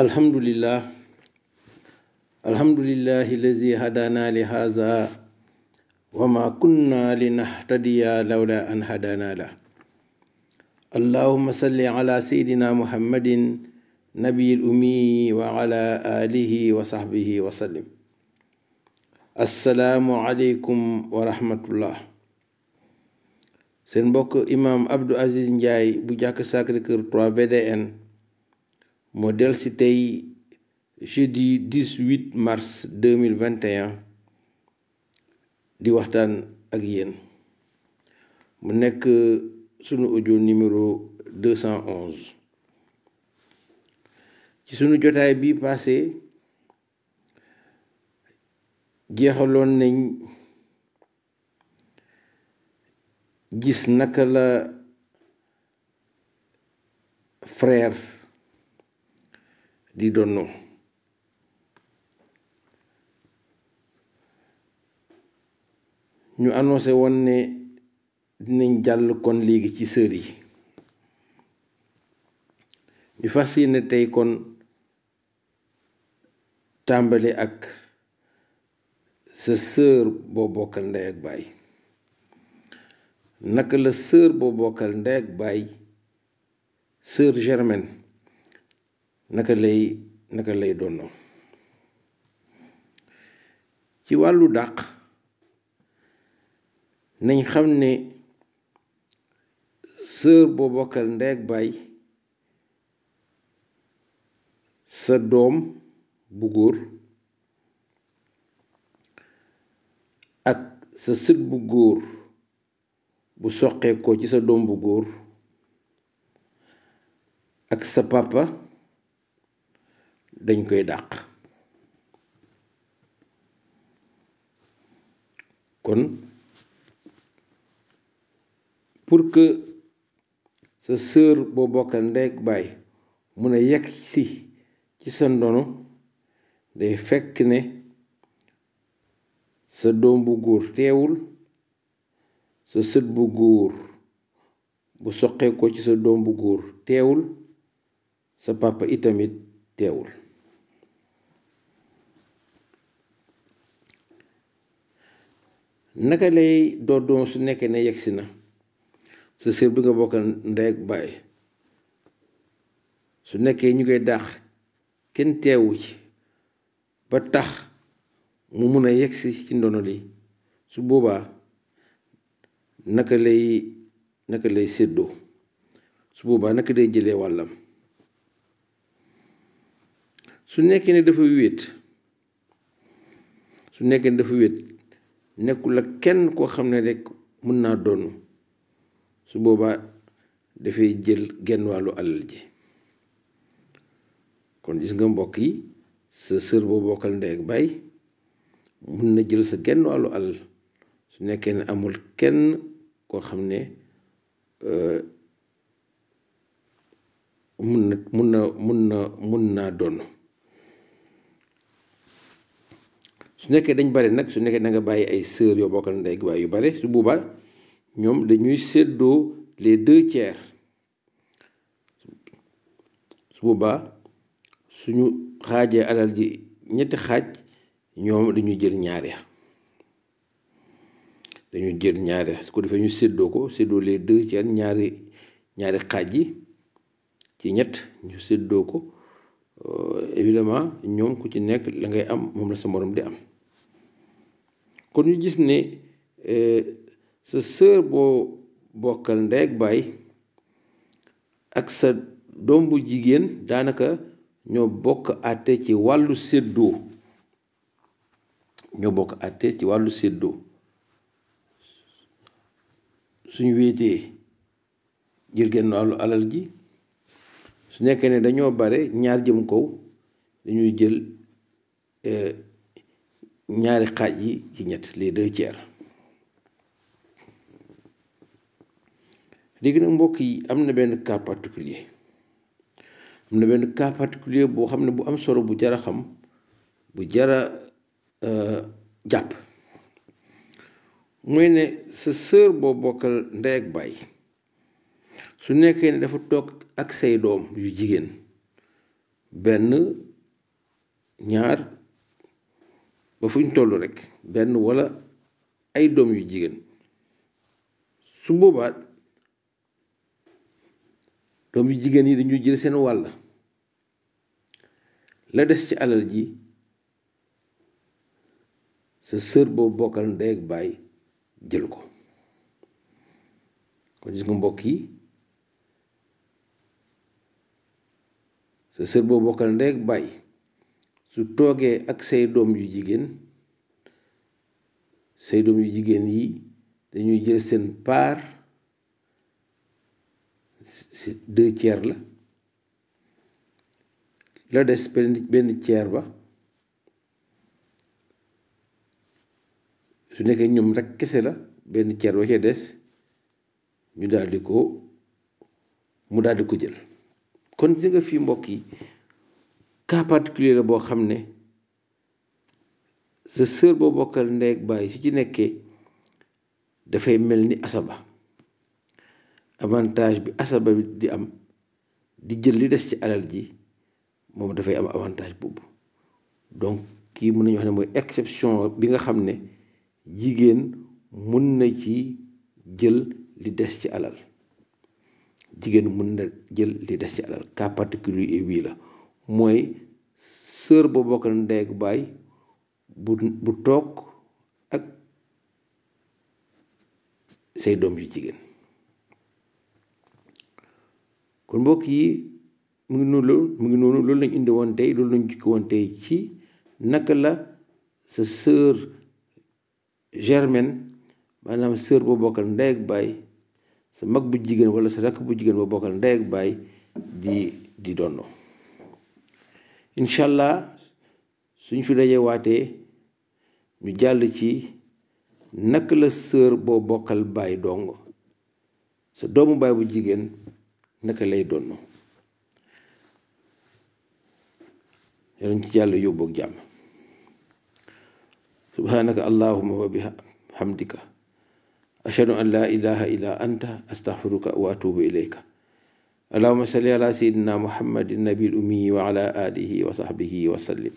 الحمد لله الحمد لله الذي هدانا لهذا وما كنا لنهتدي لولا أن هدانا له اللهم صل على سيدنا محمد نبي الأمي وعلى آله وصحبه وسلم السلام عليكم ورحمة الله seen mbokk imam Abdou Aziz Ndiaye bu jàkk Sacré-Cœur 3 VDN moo del si tey jeudi 18 mars 2021 di waxtaan ak yéen mu nekk sunu audio numéro 211 ci sunu jotaay bi passé jeexaloon nañ gis naka la frère di don't ñu annoncé woon ne dinañ jàll kon léegi ci sër yi ñu fas yéene tey kon tàmbali ak sa sër boo bokkal ndey ak baay naka la sër boo bokkal ndey ak baay sër germaine naka lay naka lay donnoo ci wàllu dàq nañ xam ne sër boo bokkal ndey ak baay sa doom bu góor ak sa sët bu góor bu soqee ko ci sa doom bu góor ak sa papa dañ koy dàq kon pour que sa sër boo bokkal ndey baay mun a yegg si ci sa ndono day fekk ne sa doom bu góor teewul sa sët bu góor bu soqee ko ci sa doom bu góor teewul sa papa itamit teewul naka lay doo su nekkee ne yegsi na sa sër bi nga bokkal ndey ak baay su nekkee ñu koy dàq kenn teewu ci ba tax mu mun a yegsi ci ndono li su boobaa naka lay naka lay séddoo su boobaa naka day jëlee wàllam su nekkee ne dafa wéet su nekkee ne dafa wéet nekkul ak kenn koo xam ne rek mun naa donn su boobaa dafay jël genn wàllu àllal ji kon gis nga mbokk yi sa sër boo bokkal ndey ak baay mun na jël sa genn wàllu alal su nekkee ne amul kenn koo xam ne euh, mun na mun na mun na mun naa donn su nekkee dañ bari nag su nekkee da nga bàyyi ay sœur yoo bokkal ndey ak yu bari su boobaa ñoom dañuy séddoo les deux tiers su boobaa suñu xaajee alal ji ñetti xaaj ñoom dañuy jël ñaar ya dañuy jël ñaar ya su ko defee ñu séddoo ko séddoo les deux tiers ñaari ñaari xaaj yi ci ñett ñu séddoo ko Euh, évidemment ñoom ku ci nekk la ngay am moom la sa morom di am kon ñu gis ne euh, sa sœur boo bokkal ndey ak baay ak sa doom bu jigéen daanaka ñoo bokk àtte ci wàllu séddoo bokk àtte ci wàllu séddoo suñu wéetee jël genn wàllu alal ji su nekkee ne dañoo bare ñaar jëm kaw dañuy jël e, ñaari xaaj yi ci ñett les deux tiers léegi nag mbokk yi am na benn cas particulier am na benn cas particulier boo xam ne bu am solo bu jara xam bu jara e, jàpp mooy ne sa sœur boo bokkal ndey ak baay su nekkee ne dafa toog ak say doom yu jigéen benn ñaar ba fuñ toll rek benn wala ay doom yu jigéen su boobaat doom yu jigéen yi dañuy jël seen wàll la des ci alal ji sa sër boobu bokkal ndey ak baay jël ko kon gis nga mbokk yi sa sër boo bokkal ndey ak baay su toogee ak say doom yu jigéen say doom yu jigéen yi dañuy jël seen part si deux tiers la la des benn benn tiers ba su nekkee ñoom rekk kese la benn tiers ba ca des ñu daldi ko mu daldi ko jël kon si nga fii mbokk yi cas particulier la boo xam ne sa sœur boo bokkal ndey ak baay su ci nekkee dafay mel ni asaba avantage bi asaba bi di am di jël li des ci alal ji moom dafay am avantage boobu donc kii mën nañu wax ne mooy exception bi nga xam ne jigéen mun na ci jël li des ci alal jigéen mën na jël li des ci alal cas particulier bii la mooy sœur ba bokkal ndey ak baay bu bu toog ak say doom yu jigéen kon mbokk yi mu ngi noonu loolu mu ngi noonu loolu lañ indi woon tey loolu lañ jukki woon tey ci naka la sa sœur germaine maanaam sœur ba bokkal ndey ak baay sa mag bu jigéen wala sa rakk bu jigéen ba bokkal ndey ak baay di di donno incha allah suñ fi dajee waatee ñu jàll ci naka la sœur boo bokkal baay dong sa doomu baay bu jigéen naka lay donno yalañ ci jàll yóbboog jàmm subhanaka allahuma wa bihamdika أشهد أن لا إله إلا أنت أستغفرك وأتوب إليك اللهم صل على سيدنا محمد النبي الأمي وعلى آله وصحبه وسلم